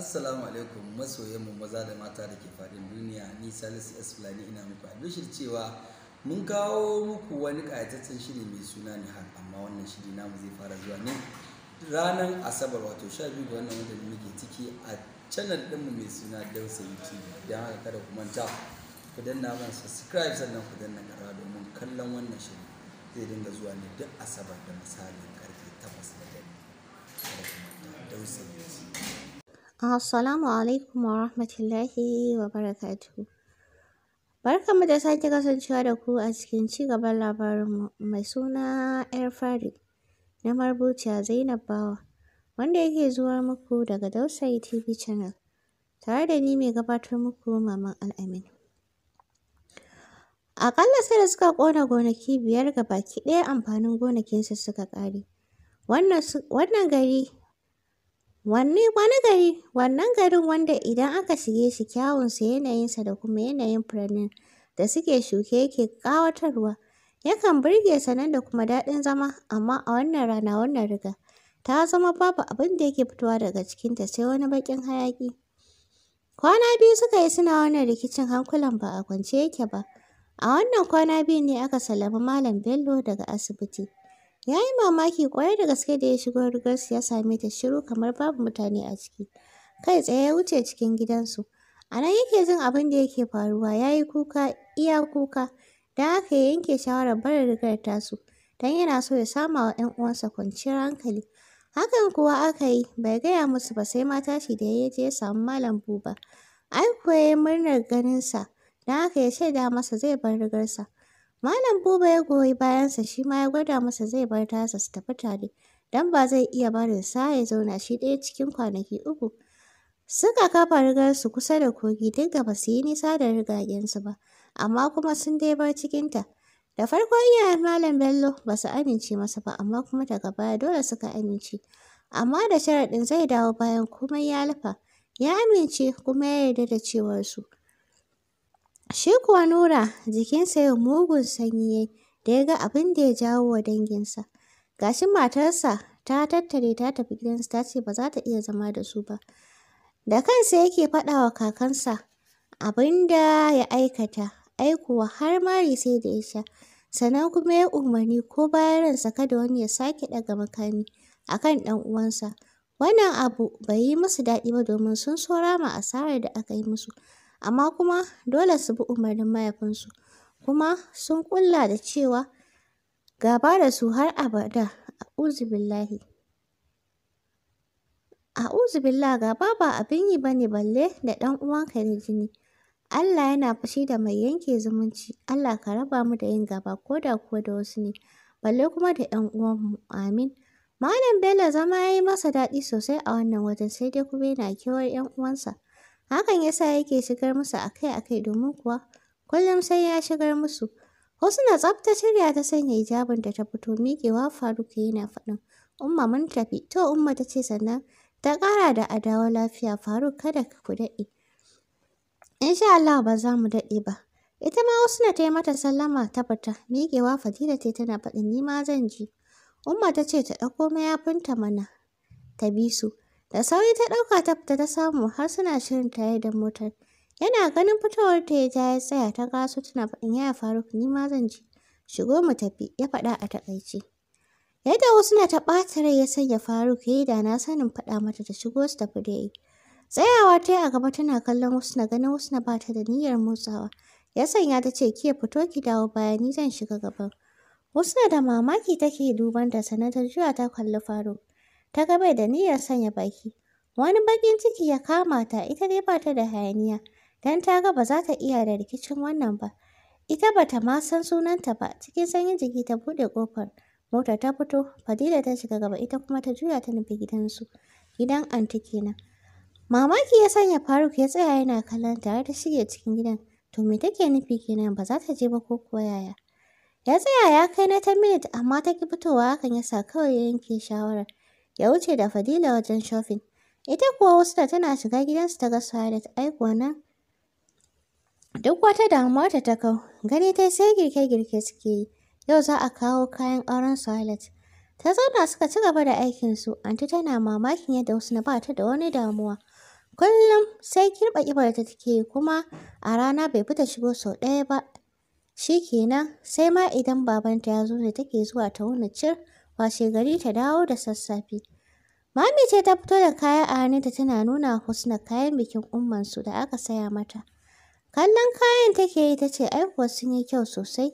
Assalamu alaikum mu maza da mata da ke faɗin duniya ni Salisu S Fulani ina muku albishir cewa mun kawo muku wani ƙayataccen shiri mai suna har amma wannan shiri namu zai fara zuwa ne ranar Asabar wato 12 ga wannan wanda muke ciki a channel ɗinmu mai suna Dausayi TV don haka kada ku manta ku danna mana subscribe sannan ku danna ƙara domin kallon wannan shiri zai dinga zuwa ne duk Asabar da misalin ƙarfe 8 da dare kada ku Assalamu alaikum wa rahmatullahi wa barakatuhu. mu da sake kasancewa da ku a cikin ci gaban labarinmu mai suna ‘yar fari na marubuciya Zainab Bawa wanda yake zuwa muku daga Dausayi TV channel tare da ni mai gabatar muku Maman Al'amin. Aƙalla sai da suka ƙona gonaki biyar ga baki ɗaya amfanin gonakinsa suka ƙare. Wannan gari Wanne wani gari, wannan garin wanda idan aka shige shi kyawunsa, yanayinsa da kuma yanayin furannin da suke shuke yake ƙawatarwa, yakan burge sanan da kuma daɗin zama, amma a wannan rana wannan riga ta zama babu abin da yake fitowa daga cikinta sai wani baƙin hayaƙi. Kwana biyu suka yi suna wannan rikicin hankulan ba a kwance yake ba. A wannan kwana biyu ne aka sallami Malam Bello daga asibiti. Ya yi mamaki kwarai da gaske da ya shigo rigarsu ya same ta shiru kamar babu mutane a ciki. Kai tsaye ya wuce cikin gidansu. A nan yake jin abin da yake faruwa ya yi kuka iya kuka. Da haka ya yanke shawarar barin rigar tasu don yana so ya sama wa 'yan uwansa kwanciyar hankali. Hakan kuwa aka yi bai gaya musu ba sai mata shi da ya je ya samu Malam Buba. Ai kuwa ya murnar ganinsa don haka ya shaida masa zai bar rigarsa. Malam Buba ya goyi bayansa shi ma ya gwada masa zai bar tasa su tafi tare don ba zai iya barin sa ya zauna shi ɗaya cikin kwanaki uku. Suka kafa rigarsu kusa da kogi duk da ba su yi nisa da rigagensu ba, amma kuma sun dai bar cikinta. Da farko iyayen Malam Bello ba su amince masa ba, amma kuma daga baya dole suka amince. Amma da sharaɗin zai dawo bayan komai ya lafa, ya amince kuma ya yarda da cewarsu. Shi kuwa Nura jikinsa ya mugun sanyi ya da ya ga abin da ya jawo wa danginsa. Gashi matarsa ta tattare ta tafi gidansa, ta ce ba za ta iya zama da su ba. Da kansa yake faɗa wa kakansa abin da ya aikata, ai har mari sai da ya sha. Sannan kuma ya umarni ko bayan ransa kada wani ya sake ɗaga makami a kan ɗan uwansa. Wannan abu bai yi musu daɗi ba domin sun so rama asarar da aka yi musu. amma kuma dole su bi umarnin mahaifinsu. Kuma sun kulla da cewa gaba da su har abada, a'uzu billahi. gaba ba abin yi bane balle da ɗan uwanka ne jini. Allah yana fushi da mai yanke zumunci. Allah ka raba mu da yin gaba ko da kuwa da wasu ne, balle kuma da ‘yan uwanmu. Amin. Malam Bello zama ya yi masa daɗi sosai a wannan wajen sai dai kuma yana kewar ‘yan uwansa. Hakan ya sa yake shigar musu akai-akai domin kuwa kullum sai ya shigar musu. Wasu na ta shirya ta sanya da ta fito miƙewa Faruk yana faɗin. Umma mun tafi. To Umma ta ce sannan ta ƙara da adawa lafiya Faruk kada ku daɗe. Insha Allah ba za mu daɗe ba. Ita ma wasu ta yi mata sallama ta fita. Miƙewa Fadila ce tana faɗin ni ma zan ji. Umma ta ce ta ɗauko mayafinta mana ta bi su. Da sauri ta ɗauka ta fita ta samu har suna shirin tare da motar. Yana ganin fitowar ta ya ja ya tsaya ta gaso tana faɗin yaya Faruk ni ma zan je. Shigo mu tafi ya faɗa a taƙaice. Yadda wasu na ta ɓata rai ya sanya Faruk ya yi da na sanin faɗa mata ta shigo su tafi da yi. Tsayawa ta yi a gaba tana kallon wasu na ganin wasu na ba ta da niyyar motsawa. Ya sanya ta ce ki fito ki dawo bayan ni zan shiga gaban. Wasu na da mamaki take duban ta sannan ta juya ta kalli Faruk. ta ga bai da niyyar sanya baki. Wani bakin ciki ya kama ta, ita dai ba ta da hayaniya, don ta ga ba za ta iya da rikicin wannan ba. Ita ba ta ma san sunanta ba, cikin sanyin jiki ta buɗe kofar. Mota ta fito, Fadila ta shiga gaba, ita kuma ta juya ta nufi gidansu, gidan anti kenan. Mamaki ya sanya Faruk ya tsaya yana kallon tare da shige cikin gidan. To me take nufi kenan ba za ta je ba ko kuwa yaya? Ya tsaya ya kai na ta minit amma ta ki fitowa hakan ya sa kawai ya yanke shawarar. ya wuce da Fadila wajen shopping. Ita kuwa wasu da tana shiga gidansu ta ga Sa'adat ai nan. Duk wata damuwa ta ta kau, gani ta sai girke-girke suke yi. Yau za a kawo kayan auren Sa'adat. Ta zauna suka ci gaba da aikinsu, anti tana mamakin yadda na ba ta da wani damuwa. Kullum sai kirɓa da take yi kuma a rana bai fita shigo sau ɗaya ba. Shi kenan sai ma idan babanta ya zo ne take zuwa ta wuni cir. washe gari ta dawo da sassafe. Mami ce ta fito da kaya a ta tana nuna Husna kayan bikin su da aka saya mata. Kallon kayan take yi ta ce aikuwa sun yi kyau sosai.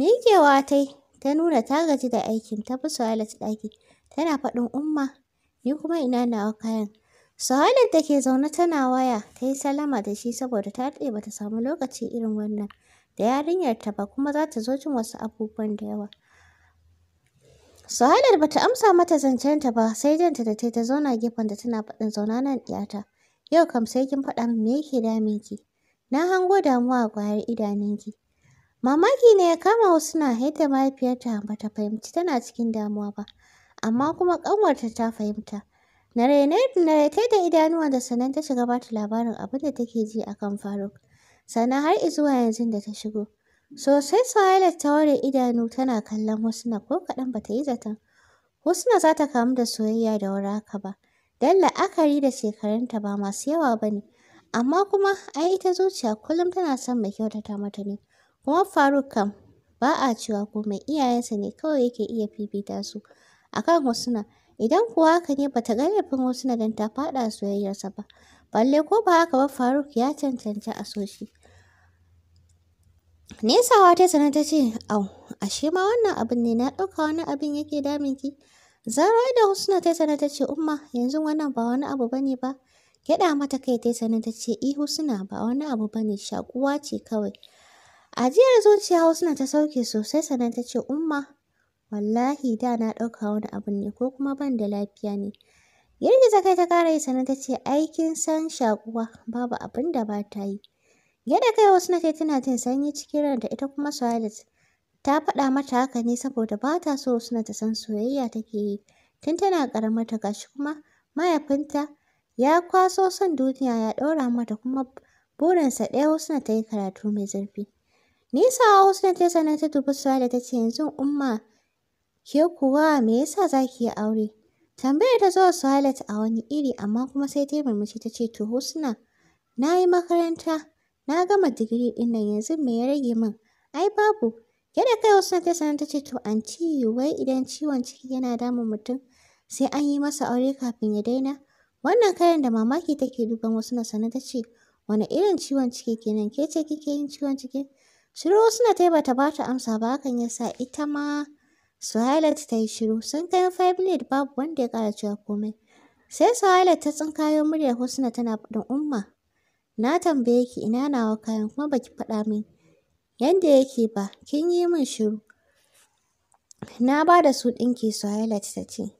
Miƙewa ta ta nuna ta gaji da aikin ta fi Suhaila ta ɗaki. Tana faɗin umma ni kuma ina nawa kayan. Suhaila ta ke zaune tana waya ta yi salama da shi saboda ta daɗe ba samu lokaci irin wannan da yarinyarta ba kuma za ta zo jin wasu abubuwan da yawa. Suhailar bata amsa mata zancen ta ba sai janta da ta zauna gefen da tana faɗin zauna nan ɗiyata. Yau kam sai kin faɗa min me yake damin ki? Na hango damuwa a ƙwayar idanunki. Mamaki ne ya kama Husna haita mahaifiyarta bata fahimci tana cikin damuwa ba, amma kuma ƙanwarta ta fahimta. Narete da idanuwa da sanan ta shiga bata labarin abin da take ji akan Faruk. Sannan har izuwa yanzu da ta shigo. Sosai Suhaila ta ware idanu tana kallon Husna ko kaɗan bata yi zaton. Husna za ta kamu da soyayya da wuri haka ba. Don la'akari da shekarunta ba masu yawa ba ne. Amma kuma ai ita zuciya kullum tana son mai kyautata mata ne. Kuma Faruk kam ba a cewa komai iyayensa ne kawai yake iya fifita su. Akan Husna, idan kuwa haka ne bata ga laifin Husna dan ta faɗa soyayyarsa ba. Balle ko ba haka ba Faruk ya cancanci a so Nesawa ta sanar ta ce, Au, ashe ma wannan abin ne na ɗauka wani abin yake damin ki. Zaro da Husna ta sanar ta ce, Umma, yanzu wannan ba wani abu bane ba. Gyaɗa mata kai ta sanar ta ce, I eh, Husna ba wani abu bane shakuwa ce kawai. Ajiyar zuciya Husna ta sauke sosai sanar ta ce, Umma, wallahi da na ɗauka wani abu ne ko kuma ban da lafiya ne. Girgiza kai ta ƙara yi sanar ta ce, Aikin san shakuwa, babu abin da ba ta yi. Yadda kai wasu na tana jin sanyi cikin ranta ita kuma Suhalis ta faɗa mata haka ne saboda ba ta so suna ta san soyayya take yi. Tun tana ƙaramar ta gashi kuma mahaifinta ya kwaso son duniya ya ɗora mata kuma burinsa ɗaya na ta yi karatu mai zurfi. Nisa na ta sanar ta dubi Suhaila ta ce yanzu umma ke kuwa me yasa za ki yi aure? Tambayar ta zo Suhaila a wani iri amma kuma sai ta yi murmushi ta ce to Husna na yi makaranta na gama digiri dinnan yanzu me ya rage min ai babu yadda kai wasu na sanar ta ce to an ci wai idan ciwon ciki yana damun mutum sai an yi masa aure kafin ya daina wannan kayan da mamaki take duban wasu na sanar ta ce wani irin ciwon ciki kenan ke ce kike yin ciwon ciki shiru wasu na tai bata bata amsa ba hakan ya sa ita ma Suhailat ta yi shiru sun kai five minute babu wanda ya ƙara cewa komai sai Suhailat ta tsinkayo muryar Husna tana faɗin umma Na tambaye ki ina nawa kayan kuma baki faɗa min yanda yake ba, kin yi min shiru. Na ba da su ɗinki Suhaila ta ce.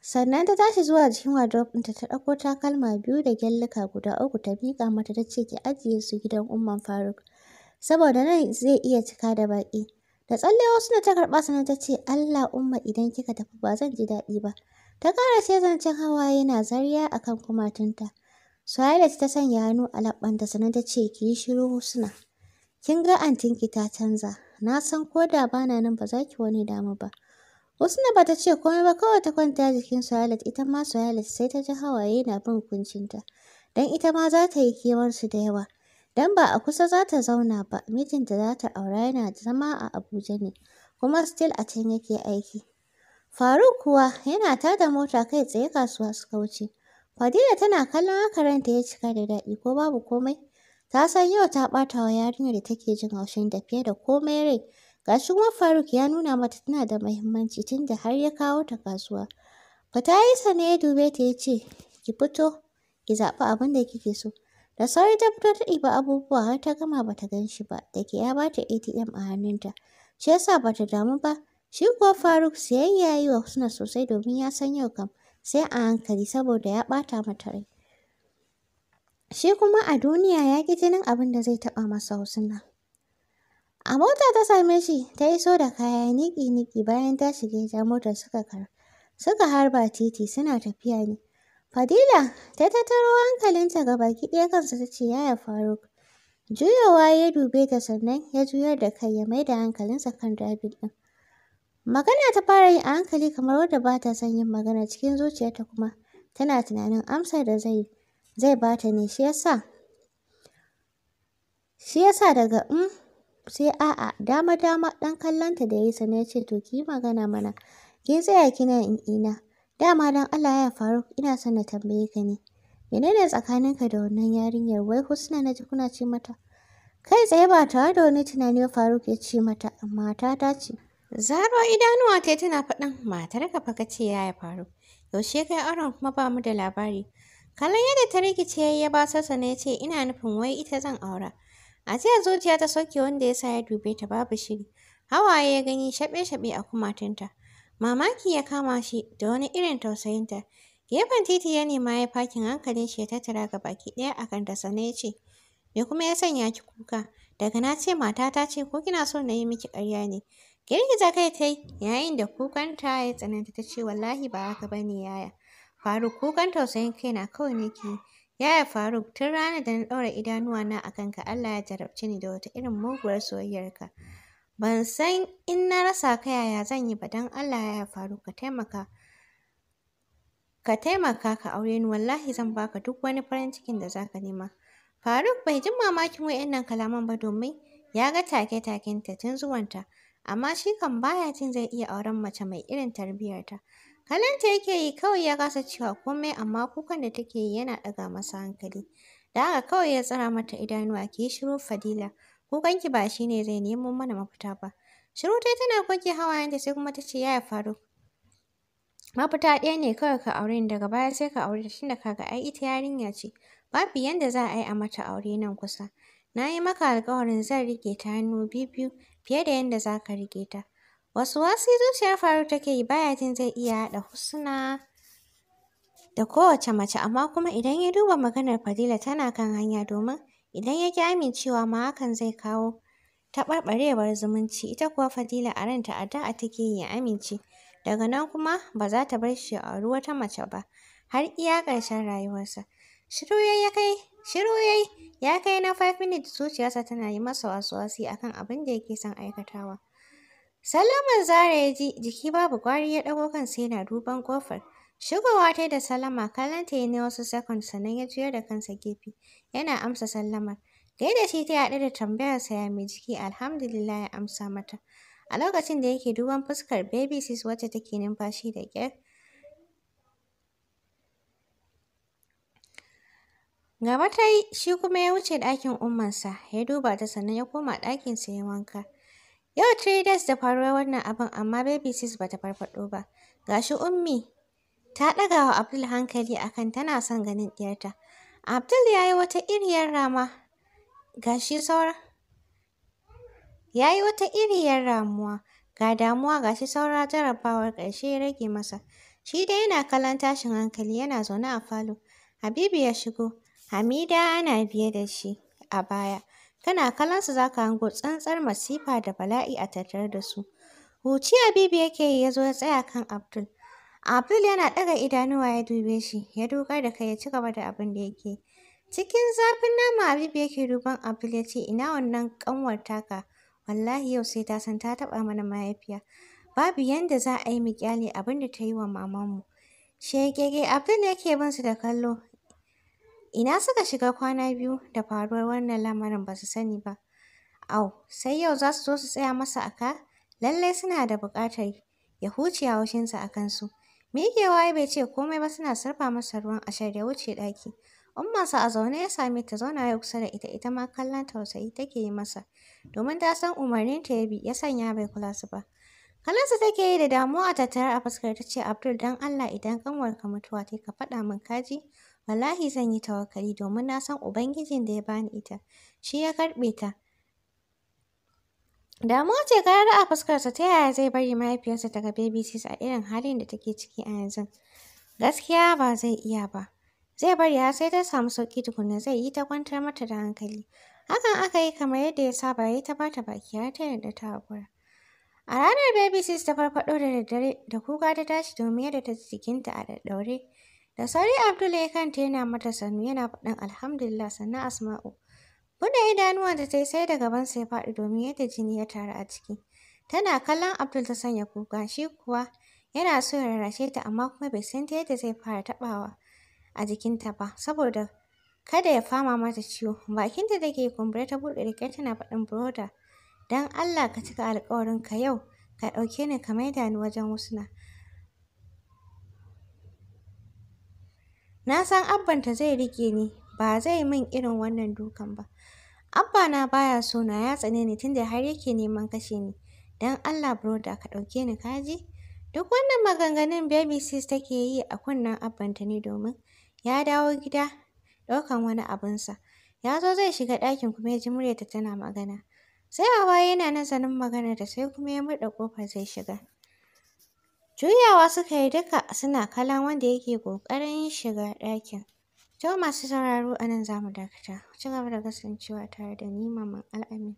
Sannan ta tashi zuwa jikin wardrobe ɗinta ta ɗauko takalma biyu da gyalluka guda uku ta miƙa mata ta ce ki ajiye su gidan Umman Faruk. Saboda nan zai iya cika da baki, Da tsalle wasu na ta karɓa sannan ta ce Allah Umma idan kika tafi ba zan ji daɗi ba. Ta ƙara ce, zancen hawaye na zariya akan kumatunta. Suhaila ta sanya hannu a labbanta sannan ta ce ki yi shiru Husna. Kin ga Antin ki ta canza. Na san ko da bana nan ba za ki wani damu ba. Husna ba ta ce komai ba kawai ta kwanta jikin Suhaila ita ma Suhaila sai ta ji hawaye na bin kuncinta. Dan ita ma za ta yi kewarsu da yawa. Dan ba a kusa za ta zauna ba, mijinta za ta aura yana zama a Abuja ne, kuma still a can yake aiki. Faruk kuwa yana tada mota kai tsaye kasuwa suka wuce. Fadila tana kallon haka ranta ya cika da daɗi ko babu komai. Ta san yau ta ɓata wa yarinyar da take jin haushin da fiye da komai rai. Ga shi kuma Faruk ya nuna mata tana da muhimmanci tunda har ya kawo ta kasuwa. Fata yi ne ya dube ta ya ce, ki fito, ki zaɓi abin da kike so. Da sauri ta fito ta ɗiba abubuwa har ta gama bata gan shi ba, da ke ya bata ATM a hannunta. Shi yasa bata damu ba, shi kuwa Faruk siyayya ya yi wa suna sosai domin ya san yau kam sai a hankali saboda ya ɓata mata rai. Shi kuma a duniya ya ƙi jinin abin da zai taɓa masa hausuna A mota ta same shi ta iso da kaya niki-niki bayan ta shiga ta motar suka kar. Suka harba titi suna tafiya ne. Fadila ta tattaro hankalinta ga baki ɗaya kansa ta ce yaya Faruk. Juyawa ya dube ta sannan ya juyar da kai ya maida hankalinsa kan dabi ɗin. Magana ta fara yi a hankali kamar wadda ba ta son yin magana cikin zuciyarta kuma tana tunanin amsar da zai zai ba ta ne shi yasa shi yasa daga in mm, sai a'a dama dama dan kallonta da yayi sana ce to ki magana mana ki tsaya kina in ina dama dan Allah ya faru ina son na tambaye ka ne menene tsakaninka da wannan yarinyar wai husna na ji kuna ce mata kai tsaye ba tare da wani tunani ba faruk ya ce mata amma ta ce Zaro idanuwa ta tana faɗin matar ka fa kace ya faru. Yaushe kai auren kuma ba mu da labari. Kallon yadda ta rikice ya ba sassa ne ce ina nufin wai ita zan aura. A jiya zuciya ta sauke wanda ya sa ya dube ta babu shiri. Hawaye ya gani shaɓe-shaɓe a kumatunta. Mamaki ya kama shi da wani irin tausayinta. Gefen titi ya nema ya fakin hankalin shi ya tattara ga baki ɗaya a kan dasa ya ce, Me kuma ya sanya ki kuka? Daga na ce matata ce ko kina so na yi miki ƙarya ne? Girgiza kai ta yi, yayin da kukanta ya tsananta ta ce wallahi ba haka ba ne yaya. Faruk kukan tausayin na kawai nake Yaya Faruk tun ranar da na ɗaura idanuwa na a kanka Allah ya jarabci ni da wata irin muguwar soyayyarka. Ban san in na rasa ka yaya zan yi ba don Allah yaya Faruk ka taimaka. Ka taimaka ka aure ni wallahi zan baka duk wani farin cikin da za ka nema. Faruk bai jin mamakin wa'innan kalaman ba domin ya ga take taken ta tun zuwanta. amma shi kan baya jin zai iya auren mace mai irin tarbiyyarta. Kalanta yake yi kawai ya kasa cewa komai amma kukan da take yi yana ɗaga masa hankali. Da haka kawai ya tsira mata idanuwa ki yi shiru Fadila, kukanki ba shi ne zai nemo mana mafita ba. Shiru tai tana goge hawayenta sai kuma ta ce yaya faru. Mafita ɗaya ne kawai ka aure ni daga baya sai ka aure ta tunda kaga ai ita yarinya ce. Babu yanda za a yi a mata aure nan kusa. Na yi maka alƙawarin zan riƙe ta hannu biyu-biyu fiye da yadda za ka riƙe ta. Wasu wasu zuciyar Faruk take yi baya jin zai iya haɗa husna da kowace mace amma kuma idan ya duba maganar Fadila tana kan hanya domin idan ya ƙi amincewa ma hakan zai kawo taɓarɓarewar zumunci ita kuwa Fadila a ranta addu'a take yi ya amince daga nan kuma ba za ta bar shi ya auri wata mace ba har iya ƙarshen rayuwarsa. Shiru ya kai Shiru yayi, ya kai na 5 minutes zuciyarsa tana yi masa wasu-wasu wasuwasi akan abin da yake son aikatawa. Salaman Zara ya ji jiki babu gwari ya ɗago kansa na duban kofar Shigowa ta da Salama kallonta ya ne wasu second sannan ya juyar da kansa gefe yana amsa sallamar. da shi ta haɗu da tambayar ya mai jiki alhamdulillah ya amsa mata. A lokacin da yake duban fuskar baby sis wacce take numfashi da ƙyar. Gaba ta yi, shi kuma ya wuce ɗakin ummansa, ya duba ta sannan ya koma ɗakinsa ya wanka. Yau three da faruwar wannan abin amma baby sis bata farfaɗo ba. Ga shi ummi ta ɗaga wa Abdul hankali akan tana son ganin ɗiyarta. Abdul ya yi wata iriyar rama, shi saura. Ya yi wata iriyar ramuwa, ga damuwa ga shi saura jarabawar ƙarshe ya rage masa. Shi dai yana kallon tashin hankali yana zaune a falo. Habibu ya shigo, Hamida na biye da shi a baya, Tana kallonsu za ka hango tsantsar masifa da bala'i a tattare da su. Huci Habibu yake yi ya zo ya tsaya kan Abdul. Abdul yana ɗaga idanuwa ya dube shi, ya duka da kai ya ci gaba da abin da yake. Cikin zafin nama Habibu yake duban Abdul ya ce, ina wannan ƙanwar taka, wallahi yau sai ta san ta taɓa mana mahaifiya. Babu yanda za a yi mikyali abin da ta yi wa mamanmu. Shegege Abdul yake bin su da kallo, Ina suka shiga kwana biyu da faruwar wannan lamarin ba su sani ba. Au, sai yau za su zo su tsaya masa aka? Lallai suna da buƙatar ya huce haushinsa a kansu. Miƙewa bai ce komai ba suna sarfa masa ruwan a ya wuce ɗaki. Ummansa a zaune ya same ta zauna ya kusa da ita ita ma kallon tausayi take yi masa. Domin ta san umarninta ya bi ya sanya bai kula su ba. Kallonsa take yi da damuwa a tattare a fuskar ta ce Abdul dan Allah idan ka mutuwa ta ka faɗa min kaji. wallahi zan yi tawakkali domin na san Ubangijin da ya bani ita, shi ya karɓe ta. Damuwa ce karar a fuskarsa ta yaya zai bari mahaifiyarsa daga baby babysis a irin halin da take ciki a yanzu. Gaskiya ba zai iya ba. Zai bari har sai ta samu sauƙi tukunna zai yi ta kwantar mata da hankali. Hakan aka yi kamar yadda ya saba ya ta bata baki har ta yarda ta haƙura. A ranar baby sis ta farfaɗo da daddare da kuka ta tashi domin yadda ta ji jikinta a daddaure. Da sauri Abdul ya kanta yana mata sannu yana faɗin alhamdulillah sannan Asma'u. Buɗe idanuwa da ta yi sai da gabansa ya faɗi domin yadda jini ya taru a ciki. Tana kallon Abdul ta sanya kuka shi kuwa yana so ya rarrashe ta amma kuma bai san ta yadda zai fara taɓawa a jikinta ba saboda kada ya fama mata ciwo. Bakinta da ke kumbure ta buɗe rike tana faɗin broda don Allah ka cika ka yau ka ɗauke ni ka maida ni wajen wasu na. Na san abbanta zai rike ni, ba zai min irin wannan dukan ba. Abba na baya so na ya tsane ni tunda har yake neman kashe ni. Dan Allah broda ka ɗauke ni kaji. Duk wannan maganganun baby sis take yi a kunnen abbanta ne domin ya dawo gida ɗaukan wani sa Ya zo zai shiga ɗakin kuma ya ji muryarta tana magana. Sai a waye yana nazarin magana da sai kuma ya murɗe ƙofar zai shiga. Juyawa suka yi duka suna kallon wanda yake ƙoƙarin shiga ɗakin. To masu sauraro a nan za mu dakata. Ku ci gaba da kasancewa tare da ni Maman Al'amin.